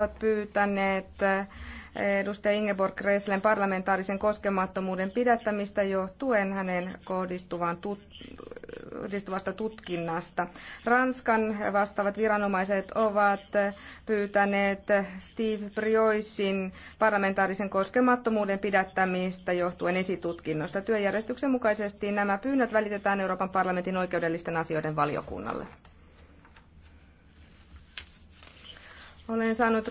ovat pyytäneet eh, edustaja Ingeborg Kreslen parlamentaarisen koskemattomuuden pidättämistä johtuen hänen kohdistuvan tut, kohdistuvasta tutkinnasta. Ranskan vastaavat viranomaiset ovat pyytäneet Steve Brioisin parlamentaarisen koskemattomuuden pidättämistä johtuen esitutkinnosta. Työjärjestyksen mukaisesti nämä pyynnöt välitetään Euroopan parlamentin oikeudellisten asioiden valiokunnalle. Olen saanut